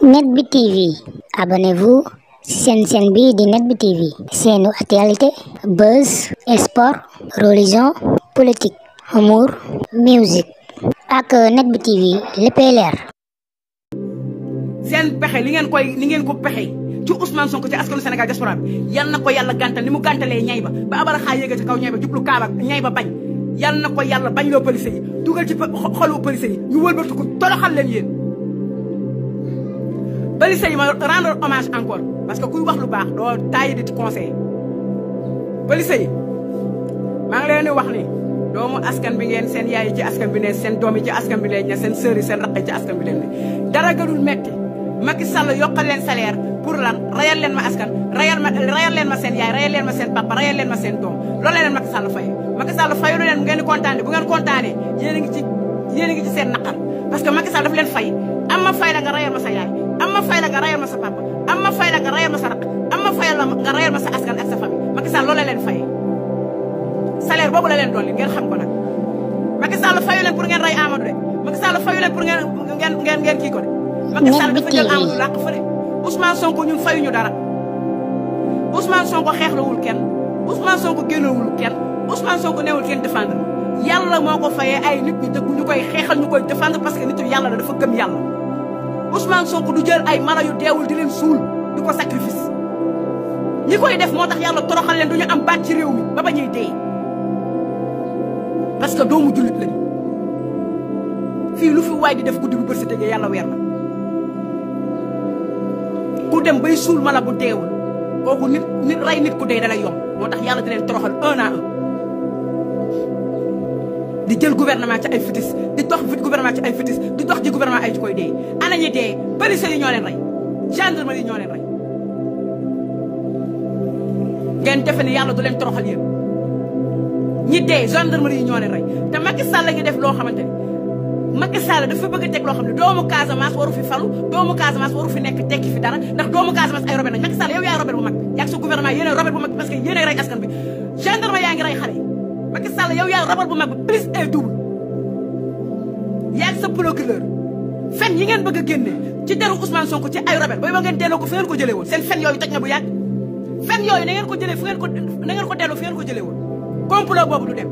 net bi tv abonnez-vous seen bi di net bi tv seenu actualité buzz sport religion politique humour musique ak net bi tv léppay leer seen pexe li ngeen koy li ngeen ko pexe ci Ousmane Sonko ci askanu Sénégal diaspora bi yal na ko yàlla gàntal ni mu gàntalee ñay ba ba abaraxaa yéega ci kaw ñay ba jublu kaaba ñay ba bañ yal na ko yàlla bañ loo police yi dugal ci xolu police yi ñu wëlbatu ko toroxal leen yéen bali sëy ma rendre hommage encore parce que kuy wax lu baax doo tàyyi di ci conseil bali sëy maa ngi leen di wax ni doomu askan bi ngeen seen yaay ci askan bi ne seen doom yi ci askan bi leen ne seen sœur yi seen raq ci askan bi leen ne dara gënul metti Macky Sall yokkal leen salaire pour lan rayal leen ma askan rayal ma rayal leen ma seen yaay rayal leen ma seen papa rayal leen ma seen doom loolu leen Macky Sall fay Macky Sall fayalu leen bu ngeen di kontaanee bu ngeen kontaanee yéen a ngi ci yéen a parce que Macky Sall daf leen fay am nga rayal ma sa papa fay la nga rayal ma sa rakk am la nga rayal ma sa askan ak sa famille Macky Sall loolu la leen fayee ngeen xam ko nag Macky Sall fayu leen pour ngeen ray Amadou de Macky Sall fayu leen pour ngeen ngeen ngeen ngeen kii ko de Macky Sall dafa jël Amadou làq fële Ousmane Sonko ñun Sonko xeexlawul kenn Ousmane Sonko génnewul kenn Sonko newul kenn défendre yàlla moo ko fayee ay nit ñi dëgg ñu koy xeexal ñu koy défendre la dafa Ousmane Sonko du jël ay mala yu deewul di leen suul di ko sacrifice ñi koy def moo tax yàlla toroxal leen am baat ci réew mi ba ba ñuy que doomu jullit lañu fii lu fi waay di def guddi bu bër si tëjee yàlla weer na ku dem bay suul mala bu deewul oo nit nit rey nit ku dee dalay yomb moo tax yàlla di leen toroxal un à di jël gouvernement ci ay fitis di dox ji gouvernement ay ci koy dee ana ñi dee police yi ñoo leen rey gendarmerie yi ñoo leen ni toroxal yéen ñi dee gendarmerie yi ñoo leen rey te Macky Sall la ngi def loo xamante bëgg a loo xam ne doomu Casamance waru fi falu doomu Casamance waru fi nekk tekki fi dara ndax doomu Casamance ay robet nañ Macky Sall yow yaay robet bu mag bi yaag sa gouvernement yéen robet bu mag bi parce que yéen askan bi gendarme yaa ngi rey xale Macky Sall yow yaa rabal bu mag bi plus et double yaa sa fen yi ngeen bëgg a génne ci deru Ousmane Sonko ci ay rabel ba ba ngeen delloo ko fi ngeen ko jëlee woon seen fen yooyu toj na bu yàgg fen yooyu na ngeen ko jëlee fu ngeen ko na ngeen ko delloo boobu du dem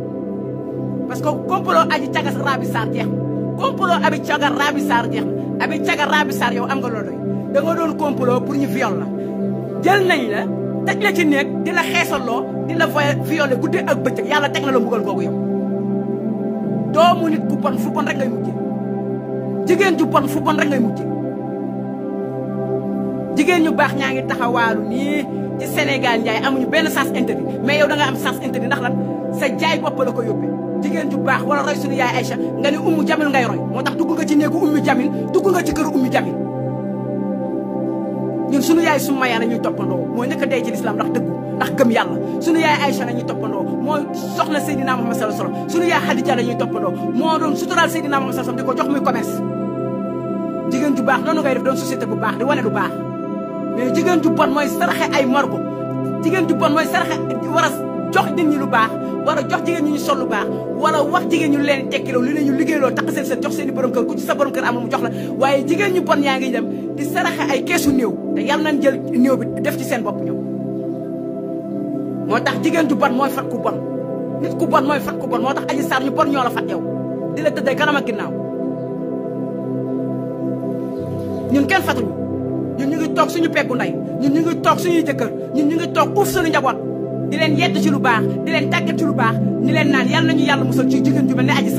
parce que complot aji cagas Rabi Sarr jeex na abi caga Rabi Sarr abi caga Rabi Sarr am nga loolu doy da nga doon complot pour ñu viol la jël nañ la teg la ci néeg di la xeesaloo di la violé guddi ak bëccëg yàlla teg na la mbugal googu yow doomu nit bu bon fu bon rek ngay mujje jigéen ju bon rek ngay mujje jigéen ñu baax ñaa ngi taxawaalu nii ci Sénégal njaay amuñu benn sens interdit mais yow da am sens interdit ndax lan sa jaay bopp ko yóbbee jigéen ju baax wala roy suñu yaay Aïcha nga ne ummu jamil ngay roy moo tax dugg nga ci néegu ummu jamil dugg nga ci këru ummu jamil ñun suñu yaay Sumayya nañuy toppandoo moo njëkk a dee ci lislaam ndax dëggu ndax gëm yàlla suñu yaay Aïcha nañuy toppandoo moo soxna Seydina Muhammad sallallahu alayhi wasallam suñu yaay Xadija nañuy toppandoo moo doon suturaal Seydina Muhammad sallallahu alayhi di ko jox muy commerce jigéen ju baax noonu ngay def doon société bu baax di wane du baax mais jigéen ju bon mooy saraxe ay morgo jigéen ju bon mooy saraxe war a jox nit ñi lu baax war a jox jigéen ñi ñu sol lu baax war a wax jigéen ñu leen tekkiloo li ne ñu liggéeyloo takk seen seen jox seen i borom kër ku ci sa kër amul mu jox la waaye jigéen ñu bon yaa ngi dem di saraxe ay keesu néew te yàlla nañ jël néew bi def ci seen bopp ñoom moo tax jigéen ju bon mooy fat ku bon nit ku bon mooy fat ku bon moo tax aji saar ñu bon ñoo la fat yow di la tëddee kanam ak ginnaaw ñun kenn fatuñu ñun ñu ngi toog suñu peggu ndey ñun ñu ngi toog suñuy jëkkër ñun ñu ngi toog uuf suñu di leen yedd ci lu baax leen tàggat ci baax ñu leen naan yàlla nañu yàlla ci jigéen ju mel ne Adji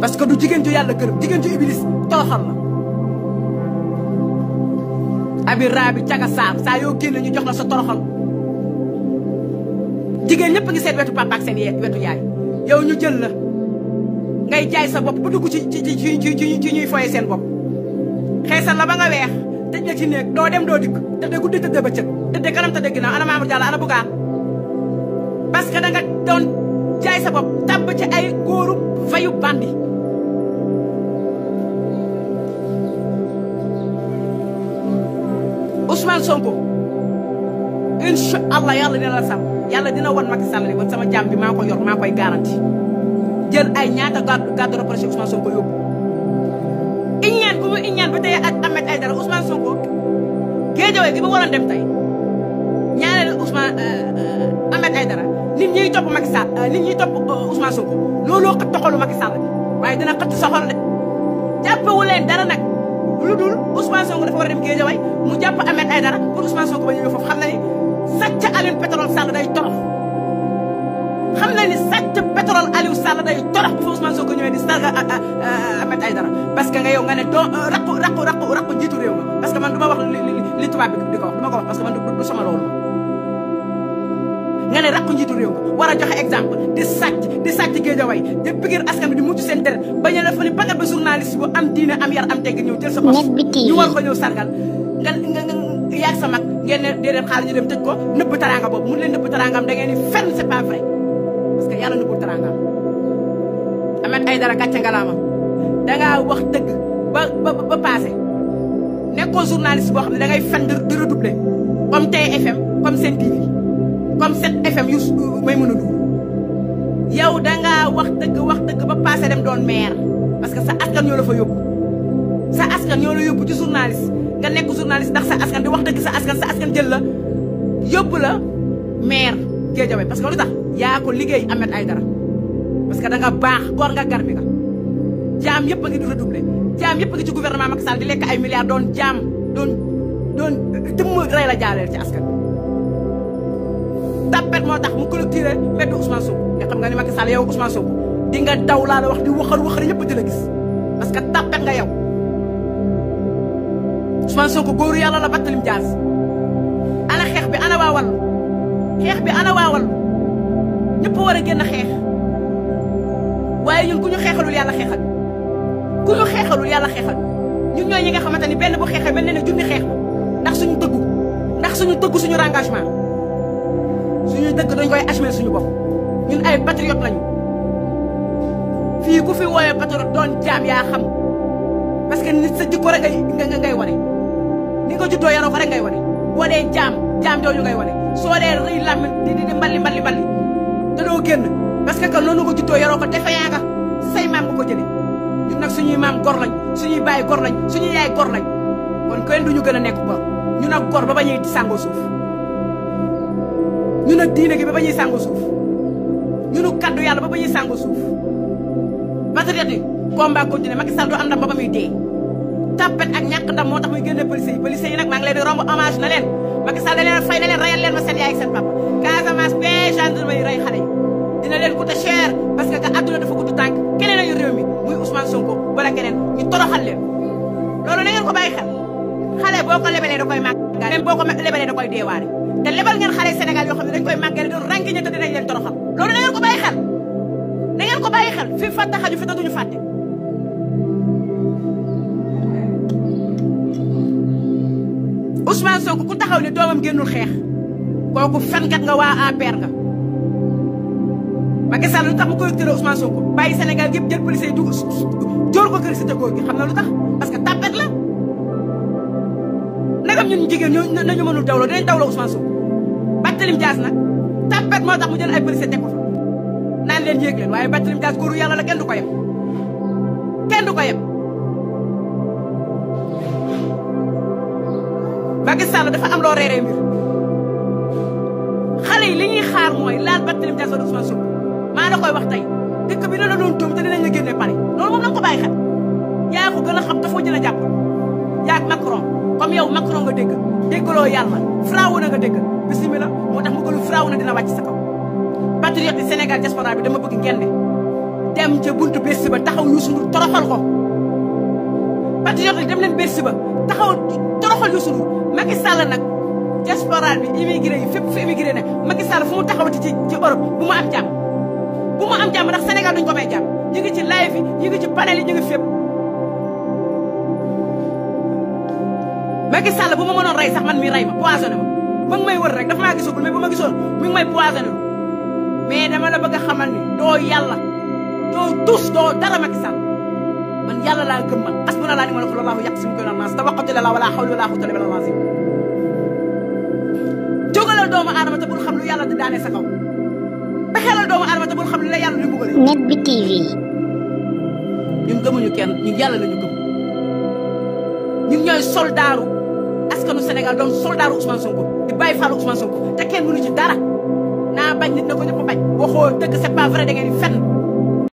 parce que du jigéen ju yàlla gërëm jigéen ju iblis toroxal la abi raabi caga saam saa yoo ñu jox la sa toroxal jigéen ñëpp ngi seen wetu papa ak wetu yaay yow ñu jël la ngay jaay sa bopp ba dugg ci ci ci ci seen bopp xeesal la ba nga weex tëj la ci néeg doo dem doo dikk tëddee guddi tëddee bëccëg tëddee kanam tëddee ginnaaw ana Mamour Diallo ana Bouga parce que da nga doon jaay sa bopp tàbb ci ay góoru fayu bandi Ousmane Sonko incha allah yàlla dina la sàmm yàlla dina wan Macky Sall wan sama jàmm bi ko yor maa koy garanti jël ay ñaata garde rapprochée Ousmane Sonko yóbbu iñaan gu mu iñaan ba tey ak Ahmed Aïdara Ousmane Sonko géejawaay gi mu waroon dem tey ñaareel Ousmane euh, euh, Ahmed Aïdara nit ñiy topp Macky Sall euh, nit ñiy topp Ousmane Sonko looloo xëtt xolu Macky Sall waaye dina xëtt sa xol de jàppewu leen dara nag lu dul Ousmane Sonko dafa war a dem géejawaay mu jàpp Ahmed Aïdara pour Ousmane Sonko ba ñëw foofu xam na ni sàcc Aliou Pétrole Sall day torox toroon Aliou Sall day torox bu fa Ousmane di sarga ah, ah, ah, que nga yow nga ne doo raqu raqu raqu raqu jiitu li tubaab bi di ko wax du ma ko wax a di sàcc bi di mucc seen deret ba ñu ne fa ni ba journaliste bu am diine am yar am tegg ñëw jël sa poche ñu war ko ñëw sargal nga nga sa mag ngeen ne déedéet xaalis ñu dem tëj ko nëbb taraanga boobu mun leen nëbb taraangam da ngeen ni fenn c'est nga yàlla nangu teraangaam Ahmed Aidara gàcce ngalaama dangaa wax dëgg ba ba ba passé nekkoo journaliste boo xam ne dangay fen di redoubler comme TFM comme Sen TV comme 7FM yu may mën a dugg yow dangaa wax ba passé dem doon maire parce que sa askan ñoo fa yóbbu sa askan ñoo yóbbu ci nga nekk journaliste ndax sa askan di wax sa askan sa askan jël la yóbbu la maire Guédiawaye parce que lu tax yaa ko liggéey Ahmed Aïdara parce que da baax góor nga garmi nga jaam yëpp a ngi du redoublé jaam yëpp a ngi ci gouvernement Macky Sall di lekk ay milliards doon jaam doon doon dëmm rey la jaaleel ci askan tapet moo tax mu clôturé mbedd Ousmane Sonko nga xam nga ni Macky Sall yow Ousmane Sonko di nga daw laa la wax di gis parce que nga yow Ousmane Sonko góoru yàlla la battalim jaas ana xeex bi ana waa wàllu xeex bi ana waawal ñëpp war a génn xeex waaye ñun ku ñu xeexalul yàlla xeexal ku ñu xeexalul yàlla xeexal ñun ñooy ñi nga xamante ni benn bu xeexee mel na su junni xeex ndax suñu dëggu ndax suñu dëggu suñu engagement suñu dëgg dañ koy assumer suñu bopp ñun ay patriote lañu fii ku fi wooyee patriote doon jaam yaa xam parce que nit sa jikko rek ngay ngay wane ni nga juddoo yaroo ko rek ngay wane boo dee jaam jaam jooju ngay wane. soo dee rëy lan di di di mbali mbali mbali te doo génn parce que que noonu ko juddoo yoroo ko defe yaa nga say maam nga ko jëlee ñun nag suñuy maam gor suñuy baay gor suñuy yaay gor kon kenn du ñu gën a nekk gor ñu nag gor ba ba ñuy sàngoo suuf ñu nag diine gi ba ba ñuy sàngoo suuf ñu nag kaddu yàlla ba ba ñuy suuf patriote yi combat continué Macky Sall du am ba ba muy dee tappet ak ñàkk ndam moo tax muy génne police yi police yi nag leen di Macky fay na leen rayal leen ma seen yaay ak seen papa Casamance bee ray xale yi dina leen coûter cher parce que ka adduna dafa tànk keneen añu réew muy Ousmane Sonko wala keneen ñu toroxal leen loolu na ngeen ko bàyyi xel xale boo ko lebalee koy màggal même boo ko lebalee da koy deewaare te lebal ngeen xale Sénégal yoo xam ne dañ koy màggale doon rànki ñe te dinañ leen toroxal loolu na ngeen ko ko bàyyi xel fi fàtte xaju fi te Ousmane Sonko ku taxaw ne doomam génnul xeex kooku fenkat nga waa APR nga Macky Sall lu tax mu koy tëral Ousmane Sonko bàyyi Sénégal yëpp jël police yi dugg jóor ko kër si tëggoo gi xam na lu tax parce que la nagam ñun jigéen ñoo nañu mënul dawloo dinañ dawloo Ousmane Sonko Barthélémy Dias nag tapet moo tax mu jël ay policier teg ko fa leen yéeg leen waaye Barthélémy Dias góoru kenn du ko yem kenn du ko yem Macky Sall dafa am loo reeree mbir xale yi li ñuy xaar mooy laal Barthélémy Dias Ousmane Sonko maa la koy wax tey dëkk bi la la doon tóom te dinañ la pare loolu moom la ko bàyyi xel yaa ko a xam dafoo jël a jàpp yaa ak Macron comme yow Macron nga dégg déggaloo yàlla fraw na nga dégg bisimilah moo tax mu gëlu fraw dina wàcc sa kaw patriote yi dama bëgg ngeen ne dem ca buntu taxaw Youssou Ndour toroxal ko patriote Macky Sall nag diaspora bi immigré yi fépp fu immigré ne Macky Sall fu mu taxawati ci ci Europe bu ma am jàmm bu ma am jàmm ndax Sénégal duñu ko may jàmm ñu ci live yi ñu ci panel yi ñu ngi fépp Macky Sall bu ma mënoon rey sax man mi rey ma poisonné ma ma ngi may wër rek dafa maa gisagul mais bu ma gisoon mi ngi may poisonné mais dama la bëgg a xamal ni doo yàlla doo tus doo dara Macky Sall man yàlla laa gëm man asbunallaahu wa ni'mal wakiil yàq mu koy naan naas tawakkal ala wala hawla wala quwwata illa billaahi doomu aadama te bul xam lu yàlla di daane sa kaw pexeelal doomu aadama te bul xam lu la di bugale. Net Bi TV. ñun gëmuñu kenn ñun yàlla la ñu gëm ñun ñooy soldaaru askanu Sénégal doon soldaaru Ousmane Sonko di bàyyi faalu Ousmane Sonko te kenn mënu ci dara naa bañ nit na ko ñëpp a bañ waxoo dëgg c'est da